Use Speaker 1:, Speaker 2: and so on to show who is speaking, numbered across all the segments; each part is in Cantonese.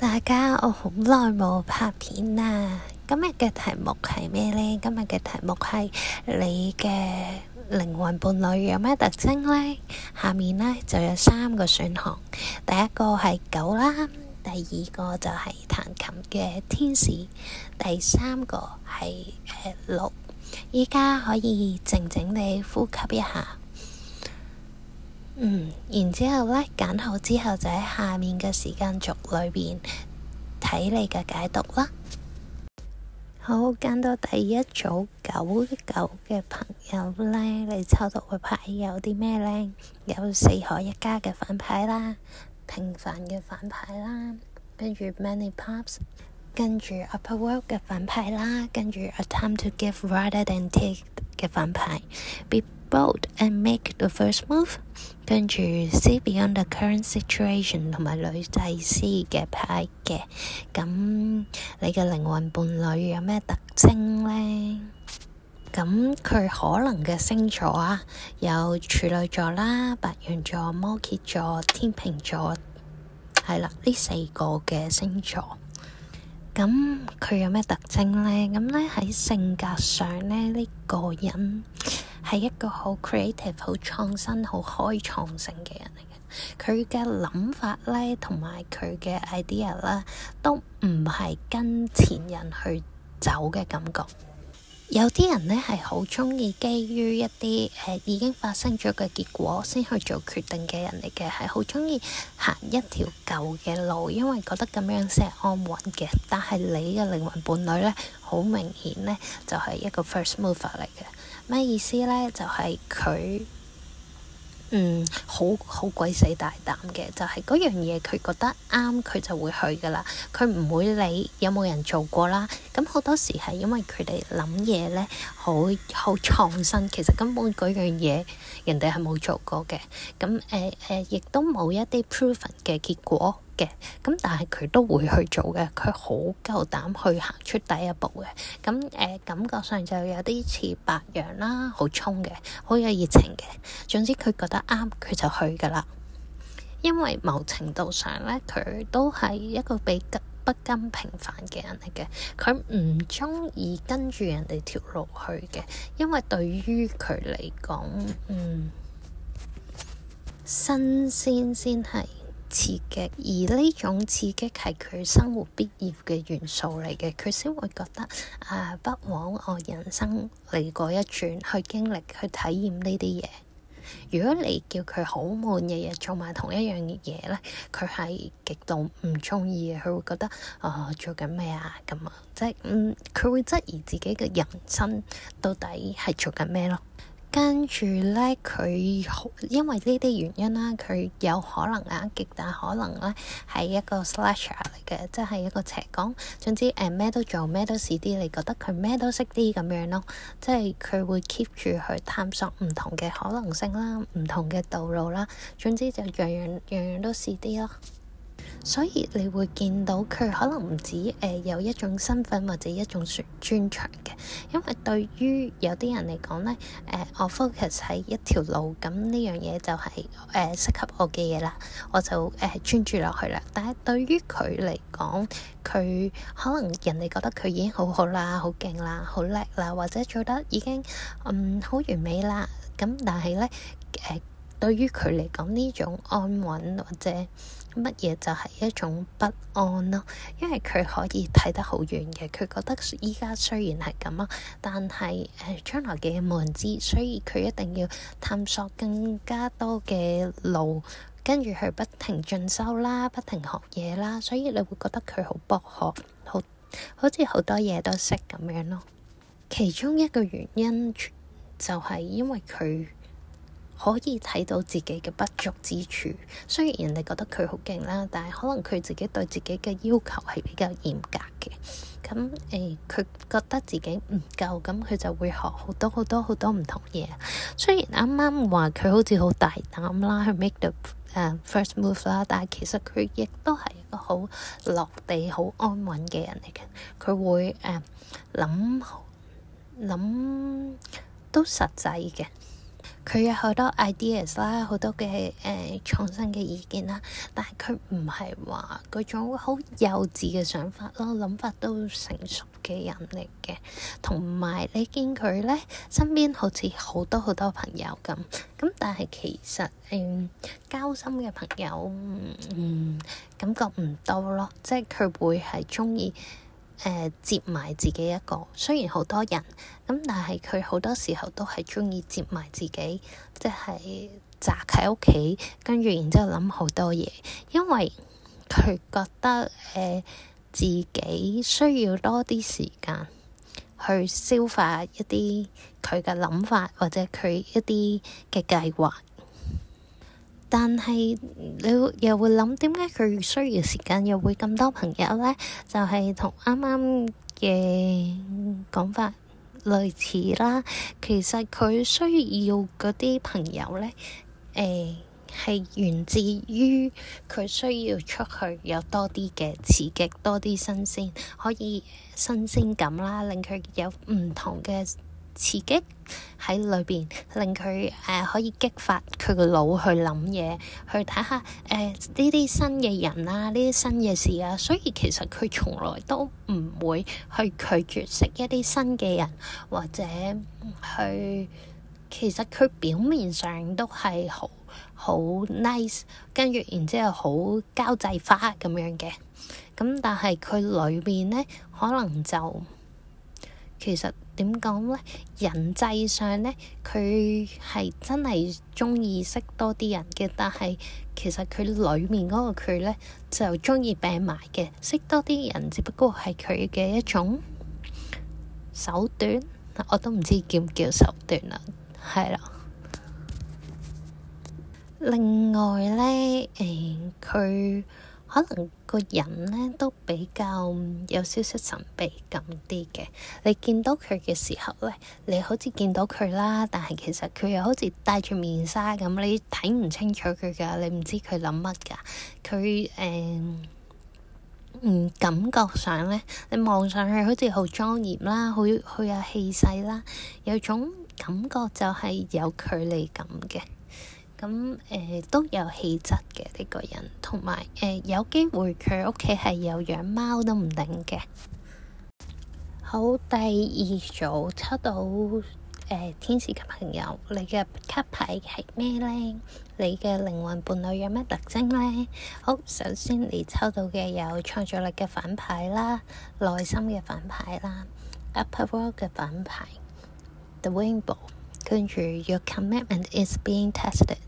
Speaker 1: 大家，我好耐冇拍片啦、啊。今日嘅題目係咩咧？今日嘅題目係你嘅靈魂伴侶有咩特徵咧？下面咧就有三個選項，第一個係狗啦，第二個就係彈琴嘅天使，第三個係誒鹿。依家可以靜靜地呼吸一下。嗯，然之後咧，揀好之後就喺下面嘅時間軸裏邊睇你嘅解讀啦。好，揀到第一組狗狗嘅朋友咧，你抽到嘅牌有啲咩咧？有四海一家嘅反牌啦，平凡嘅反牌啦，跟住 Many Pups，跟住 Upper World 嘅反牌啦，跟住 A Time to Give Rather Than Take 嘅反牌。bold and make the first move，跟住 see beyond the current situation，同埋女祭司嘅牌嘅，咁，你嘅靈魂伴侶有咩特徵呢？咁佢可能嘅星座啊，有處女座啦、白羊座、摩羯座、天秤座，係啦，呢四個嘅星座。咁佢有咩特徵呢？咁咧喺性格上咧呢、呢個人。係一個好 creative、好創新、好開創性嘅人嚟嘅。佢嘅諗法咧，同埋佢嘅 idea 啦，都唔係跟前人去走嘅感覺。有啲人咧係好中意基於一啲誒、呃、已經發生咗嘅結果先去做決定嘅人嚟嘅，係好中意行一條舊嘅路，因為覺得咁樣先係安穩嘅。但係你嘅靈魂伴侶咧，好明顯咧就係、是、一個 first mover 嚟嘅。咩意思咧？就係佢，嗯，好好鬼死大膽嘅，就係嗰樣嘢佢覺得啱，佢就會去噶啦。佢唔會理有冇人做過啦。咁好多時係因為佢哋諗嘢咧，好好創新。其實根本嗰樣嘢人哋係冇做過嘅。咁誒誒，亦都冇一啲 proven 嘅結果嘅，咁但係佢都會去做嘅，佢好夠膽去行出第一步嘅，咁誒、呃、感覺上就有啲似白羊啦，好衝嘅，好有熱情嘅，總之佢覺得啱，佢就去㗎喇。因為某程度上咧，佢都係一個比較不甘平凡嘅人嚟嘅，佢唔中意跟住人哋條路去嘅，因為對於佢嚟講，嗯，新鮮先係。刺激，而呢種刺激係佢生活必要嘅元素嚟嘅，佢先會覺得啊不枉我人生嚟過一轉，去經歷、去體驗呢啲嘢。如果你叫佢好悶日日做埋同一樣嘅嘢咧，佢係極度唔中意嘅，佢會覺得啊、哦、做緊咩啊咁啊，即係嗯佢會質疑自己嘅人生到底係做緊咩咯。跟住咧，佢因為呢啲原因啦，佢有可能啊，極大可能咧，係一個 slasher 嚟嘅，即係一個斜槓。總之誒，咩、呃、都做，咩都試啲，你覺得佢咩都識啲咁樣咯。即係佢會 keep 住去探索唔同嘅可能性啦，唔同嘅道路啦。總之就樣樣樣樣都試啲咯。所以你會見到佢可能唔止誒有一種身份或者一種專專長嘅，因為對於有啲人嚟講咧，誒、呃、我 focus 喺一條路，咁呢樣嘢就係誒適合我嘅嘢啦，我就誒專注落去啦。但係對於佢嚟講，佢可能人哋覺得佢已經好好啦、好勁啦、好叻啦，或者做得已經嗯好完美啦。咁但係咧誒，對於佢嚟講呢種安穩或者，乜嘢就係一種不安咯，因為佢可以睇得好遠嘅，佢覺得依家雖然係咁啊，但係誒、呃、將來嘅嘢冇人知，所以佢一定要探索更加多嘅路，跟住去不停進修啦，不停學嘢啦，所以你會覺得佢好博學，好好似好多嘢都識咁樣咯。其中一個原因就係因為佢可以睇到自己嘅不足之處。雖然人哋覺得佢好勁啦，但係可能佢自己對自己嘅要求係比較嚴格嘅。咁誒，佢、欸、覺得自己唔夠，咁佢就會學好多好多好多唔同嘢。雖然啱啱話佢好似好大膽啦，去 make the first move 啦，但係其實佢亦都係一個好落地、好安穩嘅人嚟嘅。佢會誒諗諗都實際嘅。佢有好多 ideas 啦，好多嘅誒創新嘅意見啦。但係佢唔係話嗰種好幼稚嘅想法咯，諗法都成熟嘅人嚟嘅。同埋你見佢咧，身邊好似好多好多朋友咁咁，但係其實誒、呃、交心嘅朋友，嗯，嗯感覺唔多咯。即係佢會係中意。誒、呃、接埋自己一個，雖然好多人咁、嗯，但係佢好多時候都係鍾意接埋自己，即係宅喺屋企，跟住然之後諗好多嘢，因為佢覺得誒、呃、自己需要多啲時間去消化一啲佢嘅諗法或者佢一啲嘅計劃。但係你又會諗點解佢需要時間，又會咁多朋友咧？就係同啱啱嘅講法類似啦。其實佢需要嗰啲朋友咧，誒、欸、係源自於佢需要出去有多啲嘅刺激，多啲新鮮，可以新鮮感啦，令佢有唔同嘅。刺激喺裏邊，令佢誒、呃、可以激發佢個腦去諗嘢，去睇下誒，呢啲新嘅人啊，呢啲新嘅事啊。所以其實佢從來都唔會去拒絕識一啲新嘅人，或者去，其實佢表面上都係好好 nice，跟住然之後好交際花咁樣嘅。咁但係佢裏邊咧，可能就其實。點講咧？人際上咧，佢係真係鍾意識多啲人嘅，但係其實佢裡面嗰個佢咧就鍾意病埋嘅。識多啲人只不過係佢嘅一種手段，我都唔知叫唔叫手段啦。係啦，另外咧，誒、嗯、佢。可能個人咧都比較有少少神秘感啲嘅，你見到佢嘅時候咧，你好似見到佢啦，但係其實佢又好似戴住面紗咁，你睇唔清楚佢噶，你唔知佢諗乜噶，佢誒，嗯，感覺上咧，你望上去好似好莊嚴啦，好，好有氣勢啦，有種感覺就係有距離感嘅。咁誒、呃、都有氣質嘅呢個人，同埋誒有機、呃、會佢屋企係有養貓都唔定嘅。好，第二組抽到誒、呃、天使嘅朋友，你嘅卡牌係咩咧？你嘅靈魂伴侶有咩特徵咧？好，首先你抽到嘅有創作力嘅反牌啦，內心嘅反牌啦，Upper World 嘅反牌 The Rainbow，跟住 your commitment is being tested。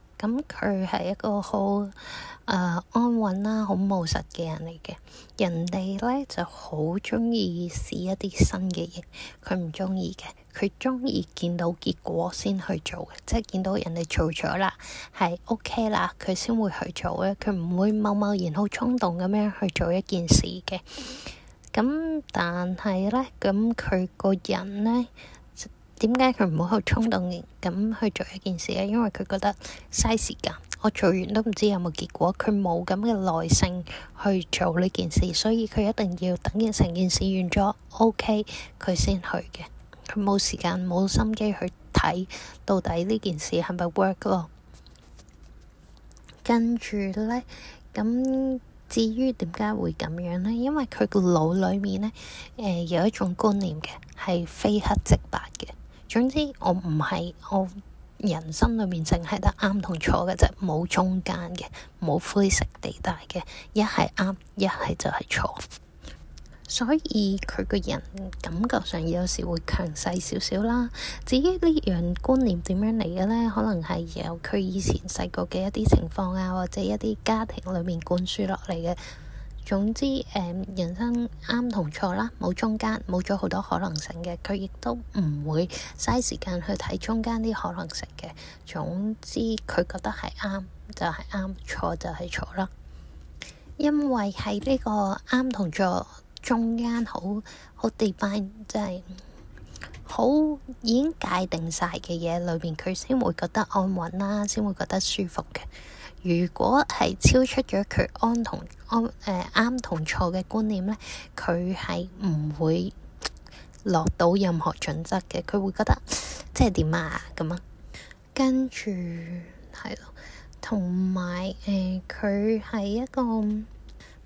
Speaker 1: 咁佢係一個好誒、呃、安穩啦，好務實嘅人嚟嘅。人哋咧就好中意試一啲新嘅嘢，佢唔中意嘅。佢中意見到結果先去做嘅，即係見到人哋做咗、OK、啦，係 O K 啦，佢先會去做咧。佢唔會貿貿然好衝動咁樣去做一件事嘅。咁但係咧，咁佢個人咧。點解佢唔好去衝動咁去做一件事咧？因為佢覺得嘥時間，我做完都唔知有冇結果。佢冇咁嘅耐性去做呢件事，所以佢一定要等件成件事完咗，OK 佢先去嘅。佢冇時間，冇心機去睇到底呢件事係咪 work 咯。跟住咧，咁至於點解會咁樣咧？因為佢個腦裏面咧，誒、呃、有一種觀念嘅，係非黑即白嘅。總之，我唔係，我人生裏面淨係得啱同錯嘅啫，冇中間嘅，冇灰色地帶嘅，一係啱，一係就係錯。所以佢個人感覺上有時會強勢少少啦。至於呢樣觀念點樣嚟嘅咧，可能係由佢以前細個嘅一啲情況啊，或者一啲家庭裏面灌輸落嚟嘅。總之，誒、嗯、人生啱同錯啦，冇中間，冇咗好多可能性嘅。佢亦都唔會嘥時間去睇中間啲可能性嘅。總之，佢覺得係啱就係、是、啱，錯就係錯啦。因為喺呢個啱同錯中間，好好 define，即係好已經界定晒嘅嘢裏邊，佢先會覺得安穩啦，先會覺得舒服嘅。如果係超出咗佢啱同啱誒啱同錯嘅觀念咧，佢係唔會落到任何準則嘅。佢會覺得即係點啊咁啊？跟住係咯，同埋誒，佢係、呃、一個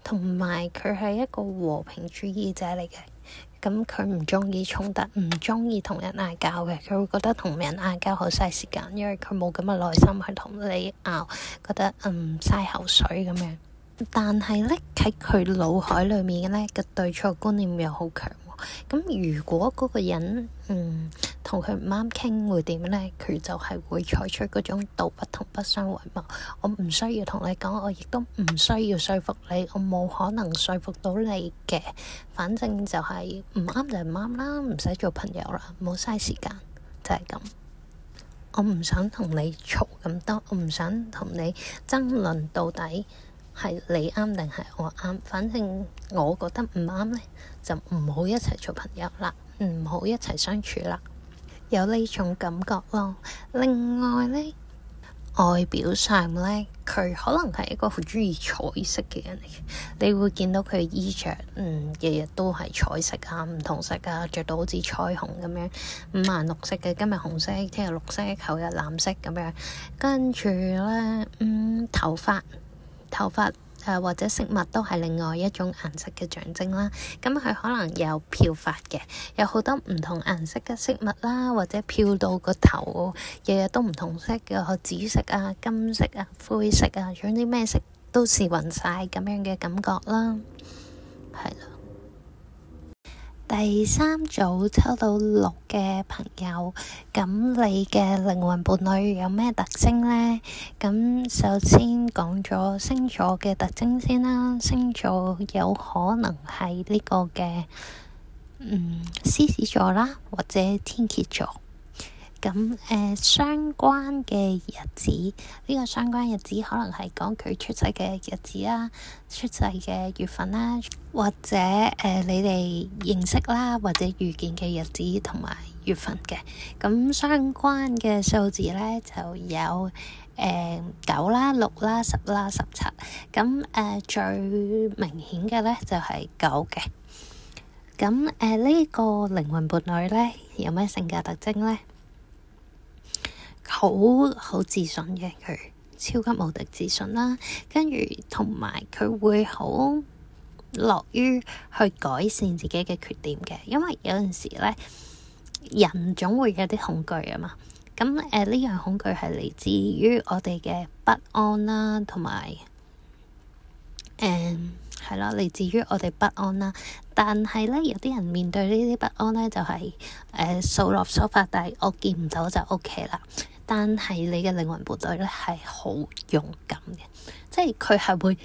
Speaker 1: 同埋佢係一個和平主義者嚟嘅。咁佢唔中意衝突，唔中意同人嗌交嘅，佢會覺得同人嗌交好嘥時間，因為佢冇咁嘅耐心去同你拗，覺得嗯，嘥口水咁樣，但係咧，喺佢腦海裏面嘅咧嘅對錯觀念又好強。咁如果嗰個人，嗯，同佢唔啱傾會點咧？佢就係會採取嗰種道不同不相為謀。我唔需要同你講，我亦都唔需要說服你，我冇可能說服到你嘅。反正就係唔啱就唔啱啦，唔使做朋友啦，冇嘥時間，就係咁。我唔想同你嘈咁多，我唔想同你爭論到底。係你啱定係我啱，反正我覺得唔啱呢，就唔好一齊做朋友啦，唔好一齊相處啦。有呢種感覺咯。另外呢，外表上呢，佢可能係一個好中意彩色嘅人嚟。你會見到佢衣着，嗯，日日都係彩色啊，唔同色啊，着到好似彩虹咁樣，五顏六色嘅。今日紅色，聽日綠色，後日藍色咁樣。跟住呢，嗯，頭髮。頭髮誒、啊、或者飾物都係另外一種顏色嘅象徵啦，咁、啊、佢可能有漂髮嘅，有好多唔同顏色嘅飾物啦、啊，或者漂到個頭，日、啊、日都唔同色嘅、啊，紫色啊、金色啊、灰色啊，總啲咩色都是勻晒咁樣嘅感覺啦，係、啊、啦。第三組抽到六嘅朋友，咁你嘅靈魂伴侶有咩特徵呢？咁首先講咗星座嘅特徵先啦，星座有可能係呢個嘅，嗯，獅子座啦，或者天蠍座。咁誒、呃、相關嘅日子，呢、呢個相關日子可能係講佢出世嘅日子啦、啊、出世嘅月份啦、啊，或者誒、呃、你哋認識啦、啊，或者遇見嘅日子同埋月份嘅咁相關嘅數字咧，就有誒九、呃、啦、六啦、十啦、十七。咁誒、呃、最明顯嘅咧就係九嘅。咁誒呢個靈魂伴侶咧有咩性格特徵咧？好好自信嘅佢，超級無敵自信啦。跟住同埋佢會好樂於去改善自己嘅缺點嘅，因為有陣時咧，人總會有啲恐懼啊嘛。咁、嗯、誒，呢、呃、樣恐懼係嚟自於我哋嘅不安啦，同埋誒係啦，嚟、嗯、自於我哋不安啦。但係咧，有啲人面對呢啲不安咧，就係、是、誒、呃、數落數法，但係我見唔到就 O K 啦。但係你嘅靈魂部隊咧，係好勇敢嘅，即係佢係會，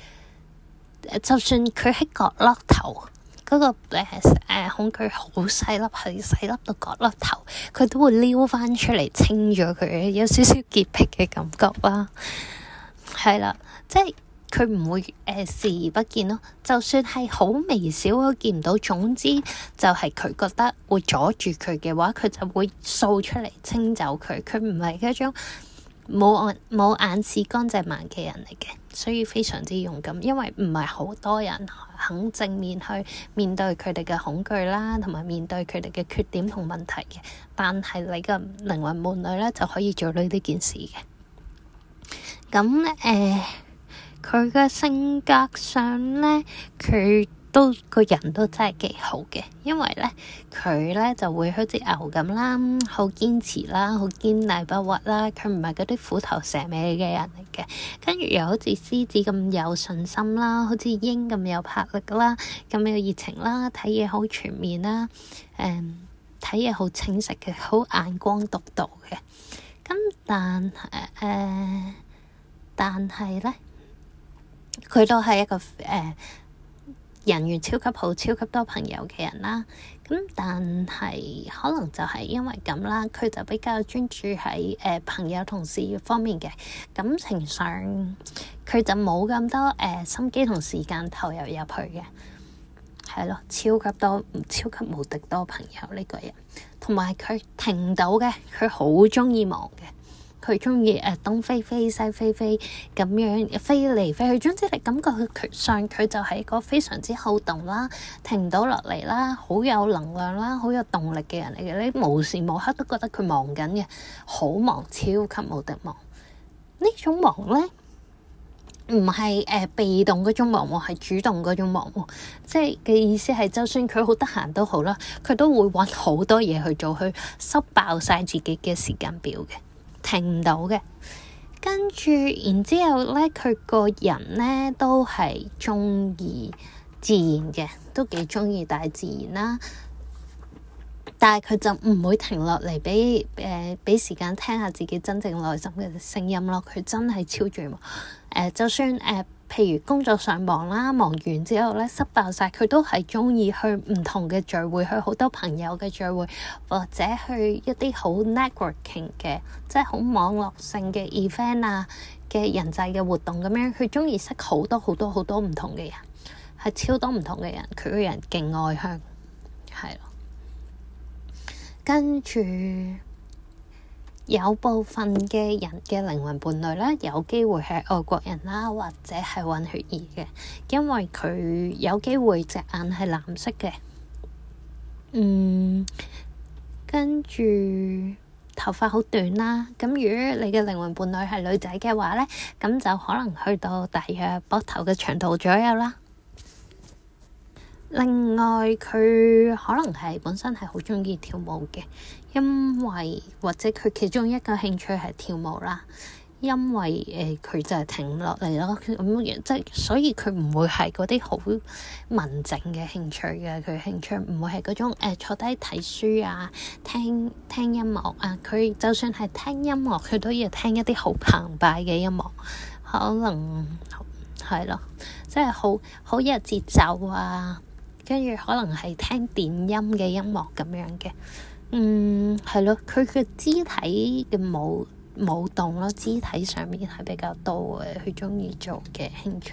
Speaker 1: 就算佢喺角落頭，嗰、嗰個誒誒、呃、恐懼好細粒，係細粒到角落頭，佢都會撩翻出嚟清咗佢，有少少潔癖嘅感覺啦，係啦，即係。佢唔會誒視、呃、而不見咯，就算係好微小都見唔到。總之就係佢覺得會阻住佢嘅話，佢就會掃出嚟清走佢。佢唔係嗰種冇眼冇眼屎乾淨盲嘅人嚟嘅，所以非常之勇敢。因為唔係好多人肯正面去面對佢哋嘅恐懼啦，同埋面對佢哋嘅缺點同問題嘅。但係你嘅靈魂伴侶咧就可以做到呢件事嘅。咁咧誒佢嘅性格上咧，佢都個人都真係幾好嘅，因為咧佢咧就會好似牛咁啦，好堅持啦，好堅毅不屈啦。佢唔係嗰啲虎頭蛇尾嘅人嚟嘅，跟住又好似獅子咁有信心啦，好似鷹咁有魄力啦，咁有熱情啦，睇嘢好全面啦，誒睇嘢好清晰嘅，好眼光獨到嘅。咁但誒誒，但係咧。呃呃佢都係一個誒、呃、人緣超級好、超級多朋友嘅人啦。咁但係可能就係因為咁啦，佢就比較專注喺誒、呃、朋友同事方面嘅感情上，佢就冇咁多誒、呃、心機同時間投入入去嘅。係咯，超級多，超級無敵多朋友呢個人，同埋佢停到嘅，佢好鍾意忙嘅。佢鍾意誒東飛飛西飛飛咁樣飛嚟飛去，總之你感覺佢決上佢就係一個非常之好動啦，停唔到落嚟啦，好有能量啦，好有動力嘅人嚟嘅。你無時無刻都覺得佢忙緊嘅，好忙，超級無敵忙。呢種忙咧，唔係誒被動嗰種忙喎，係主動嗰種忙喎，即係嘅意思係，就算佢好得閒都好啦，佢都會揾好多嘢去做，去塞爆晒自己嘅時間表嘅。停唔到嘅，跟住然之後咧，佢個人咧都係鍾意自然嘅，都幾鍾意大自然啦。但係佢就唔會停落嚟畀誒畀時間聽下自己真正內心嘅聲音咯。佢真係超絕喎、呃，就算誒。呃譬如工作上忙啦，忙完之後咧，濕爆晒，佢都係中意去唔同嘅聚會，去好多朋友嘅聚會，或者去一啲好 networking 嘅，即係好網絡性嘅 event 啊，嘅人際嘅活動咁樣。佢中意識好多好多好多唔同嘅人，係超多唔同嘅人。佢個人勁外向，係咯，跟住。有部分嘅人嘅靈魂伴侶咧，有機會係外國人啦，或者係混血兒嘅，因為佢有機會隻眼係藍色嘅。嗯，跟住頭髮好短啦。咁如果你嘅靈魂伴侶係女仔嘅話咧，咁就可能去到大約膊頭嘅長度左右啦。另外，佢可能係本身係好鍾意跳舞嘅。因為或者佢其中一個興趣係跳舞啦，因為誒佢、呃、就係停唔落嚟咯咁樣，即係所以佢唔會係嗰啲好文靜嘅興趣嘅。佢興趣唔會係嗰種、呃、坐低睇書啊，聽聽音樂啊。佢就算係聽音樂，佢都要聽一啲好澎湃嘅音樂，可能係咯，即係好好有節奏啊。跟住可能係聽電音嘅音樂咁樣嘅。嗯，係咯，佢嘅肢體嘅舞舞動咯，肢體上面係比較多嘅，佢中意做嘅興趣。